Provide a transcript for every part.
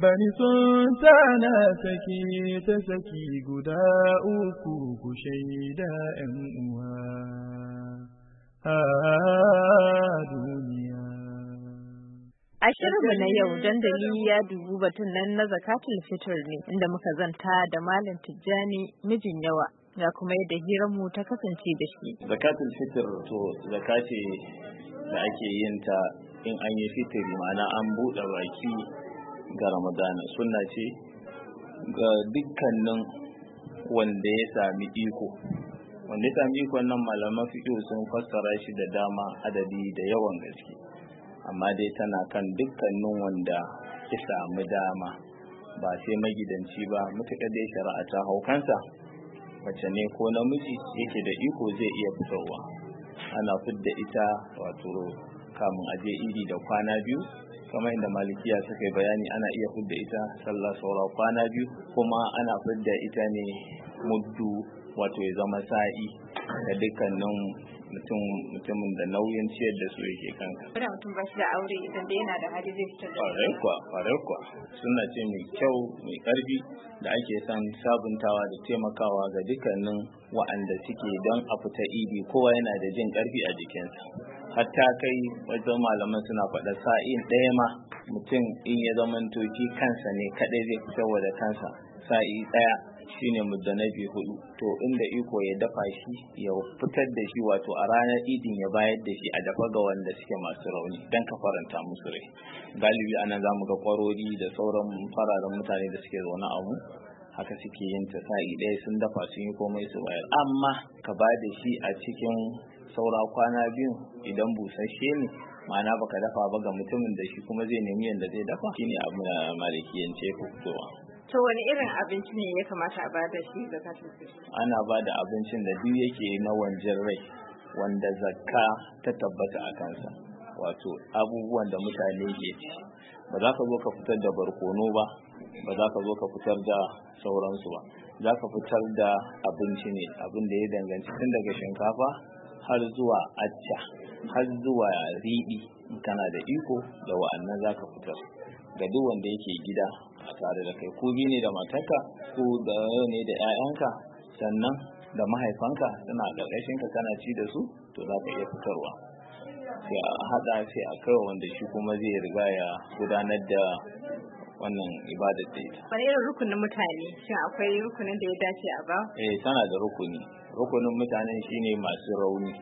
Bani sun na saki ta saki guda uku ku shaida ‘yan uwa a duniya. A shirinmu na yau dandali ya dubu batun nan na zakatul fitar ne inda muka zanta da Malam Tijjani mijin yawa ga kuma yadda hiranmu ta kasance da shi. Zakatul fitr to zakati da ake yin ta in an yi fitiri ma'ana an buɗe baki ga ramadana suna ce ga dukkanin wanda ya sami iko wanda ya sami ikon nan malaman fiƙo sun fassara shi da dama adadi da yawan gaske amma dai tana kan dukkanin wanda ya sami dama ba sai magidanci ba matuƙa dai shari'a ta haukansa Wacce ne ko namiji yake da iko zai iya fitowa? ana fidda ita wato kamun aje iri da kwana biyu kamar yadda malikiya suka yi bayani ana iya fidda ita sallah saura kwana biyu kuma ana fidda ita ne muddu wato ya zama sa'i da dukkanin mutum mutumin da nauyin ciyar da su yake kanka. Wanda mutum ba shi da aure idan da yana da hali zai fitar da Kwarar kwa, kwarar kwa. Suna ce mai kyau mai karfi da ake son sabuntawa da taimakawa ga dukkanin wa'anda suke don a fita idi kowa yana da jin karfi a jikinsa. hatta kai wato malaman suna faɗa sa'in ɗaya ma mutum in ya zama toki kansa ne kaɗai zai fi da kansa sa'i ɗaya shine biyu hudu to inda iko ya dafa shi ya fitar da shi wato a ranar idin ya bayar da shi a dafa ga wanda suke masu rauni don ka faranta musu rai galibi anan mu ga kwarori da sauran fararen mutane da suke zaune a mu haka suke yin ta sa'i ɗaya sun dafa sun yi komai su bayar amma ka ba da shi a cikin saura kwana biyu idan busasshe ne ma'ana baka dafa ba ga mutumin da shi kuma zai nemi yadda zai dafa shine abu na malikiyance ko fitowa to wani irin abinci ne ya kamata a bada shi ga fitr ana bada abincin da duk yake na wanjin rai wanda zakka ta tabbata a kansa wato abubuwan da mutane ke ci ba za ka zo ka fitar da barkono ba ba za ka zo ka fitar da sauransu ba za ka fitar da abinci ne abin da ya danganci tun daga shinkafa har zuwa acca har zuwa riɗi kana da iko da wa'annan za ka fitar ga duk wanda yake gida a tare da kai ko ne da matarka ko da ne da 'ya'yanka sannan da mahaifanka suna ƙarƙashinka kana ci da su to za ka iya fitarwa sai a haɗa sai a kai wanda shi kuma zai riga ya gudanar da wannan ibadar da ita. Wani irin rukunin mutane shi akwai rukunin da ya dace a ba? Eh tana da rukuni. Rukunin mutanen shine masu rauni.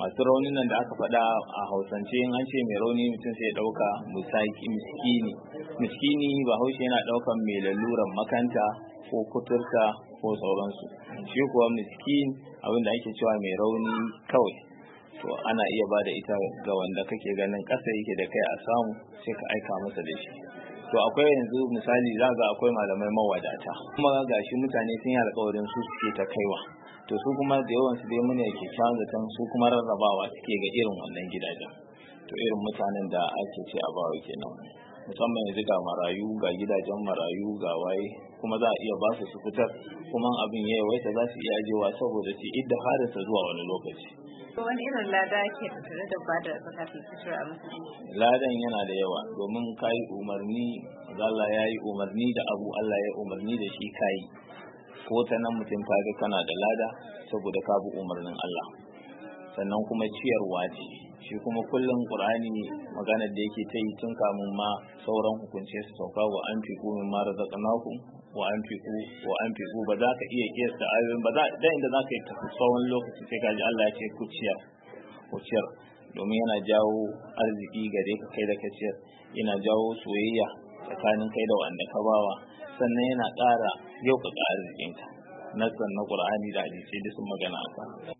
Masu raunin nan da aka faɗa a Hausance in an ce mai rauni mutum sai ya ɗauka musaki miskini. Miskini Bahaushe yana ɗaukan mai laluran makanta ko kuturta ko sauransu. Shi kuwa miskin abin da ake cewa mai rauni kawai. to ana iya ba da ita ga wanda kake ganin ƙasa yake da kai a samu sai ka aika masa da shi to akwai yanzu misali za ga akwai malamai mawadata kuma ga shi mutane sun yi alƙawarin su suke ta kaiwa to su kuma da yawan su dai mune kyakkyawan zaton su kuma rarrabawa suke ga irin wannan gidajen to irin mutanen da ake ce a bawa kenan musamman yanzu ga marayu ga gidajen marayu ga waye kuma za a iya ba su fitar kuma abin ya yawaita za su iya ajewa saboda su idda harinsa zuwa wani lokaci wani irin lada ke tattare da ba da fi fitar a musulunci ladan yana da yawa domin kayi umarni Allah ya yi umarni da abu Allah ya umarni da shi kayi ko ta nan mutum ga kana da lada saboda ka bi umarnin Allah sannan kuma ciyarwa ce shi kuma kullum qur'ani magana da yake ta yi tun kamun ma sauran hukunce su sauka wa an fi min ma razaqnakum wa an fi wa an fi ba za ka iya kiyasta ayoyin ba za dan inda za ka yi ta tsawon lokaci sai ka ji Allah ya ce ku ciyar ku ciyar domin yana jawo arziki gare ka kai da kaciyar, ina yana jawo soyayya tsakanin kai da wanda ka bawa sannan yana ƙara yau yauƙaƙa arzikinka nasan na ƙur'ani da hadisi da sun magana kan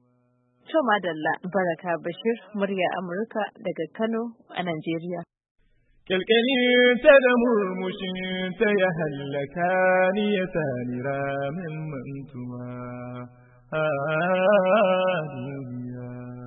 To madalla Baraka Bashir murya Amurka daga Kano a Najeriya. Kyalkyalin ta da murmushin ta ya hallaka ni ya sani ramin mantuma. Ah,